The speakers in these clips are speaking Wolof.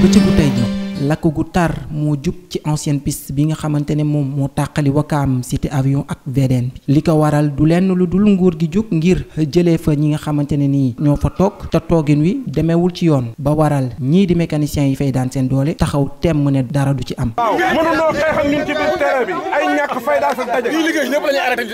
ci bëccëgu tey ji lakk gu tar moo jub ci ancienne piste bi nga xamante ne moom moo tàqali wakaam cité avion ak VDN bi li ko waral du lenn lu dul nguur gi jóg ngir jëlee fa ñi nga xamante ne nii ñoo fa toog te toogin wi demewul ci yoon ba waral ñii di mécanicien yi fay daan seen doole taxaw temm ne dara du ci am. waaw mënuloo xeex ak ñun ci biir terrain bi ay ñàkk fay daal sa daje. ñuy liggéey ñëpp la ñuy arrêté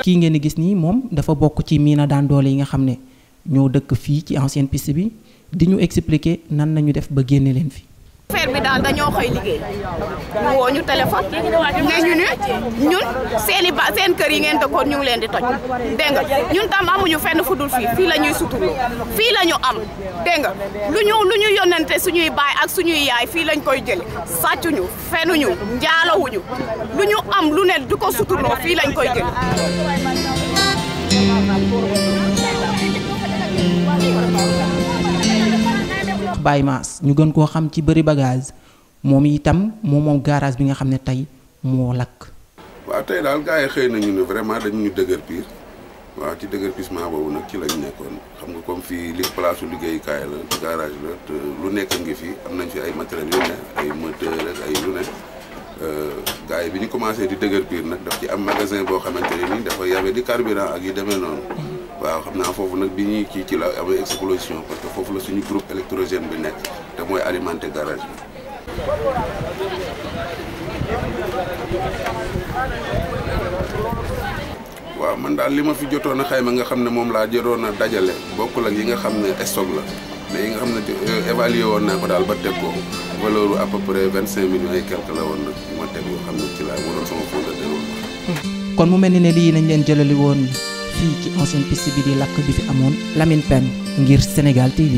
liggéey. ki ngeen gis nii moom dafa bokk ci mina daan doole yi nga xam ne ñoo dëkk fii ci ancienne piste bi di ñu expliquer nan nañu def ba génne leen fii affaire bi daal dañoo xëy liggéey ñu woo ñu téléphone ne ñu ne ñun seen i seen kër yi ngeen dëkkoon ñu ngi leen di toj dégg nga ñun tam amuñu fenn fu fii fii la ñuy suturloo fii la am dégg lu ñu lu ñu yónnante suñuy baay ak suñuy yaay fii lañ koy jële sàccuñu fenuñu njaalowuñu lu ñu am lu ne du ko suturloo fii lañ koy jële bay mas ñu gën ko xam ci bëri bagage moom itam mom mom garage bi nga xamne tay mo lak wa tay dal gaay xey nañu ni vraiment dañu ñu dëgër piir wa ci pis ma boobu nak ci lañ nekkon xam nga comme fi li place kay la garage la te lu nekk nga fi am nañ fi ay matériel yu nekk ay moteur ak ay lu nekk euh gaay bi ñu commencé di dëgër piir nak daf ci am magasin bo xamanteni ni dafa yawé di carburant ak yu demee noonu waaw xam naa foofu nag bi ñuy kii ci la amee explosion parce que foofu la suñu groupe électrogène bi nekk te mooy alimenter garage bi. waaw man daal li ma fi jotoon a xayma nga xam ne moom laa jotoon a dajale bokkul ak yi nga xam ne stock la mais yi nga xam ne euh, évalué woon naa ko daal ba teg ko valeur à peu près vingt cinq millions et quelque la woon nag ma teg yoo xam ne ci laa waroon sama fonds de déroulement kon mu mel ni ne lii nañ leen jëlali woon. fii ci ancienne piste bi di lakk bi fi amoon Lamine Pène ngir Sénégal TV.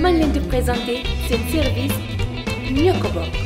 man leen présenter, présenter ce service mieux que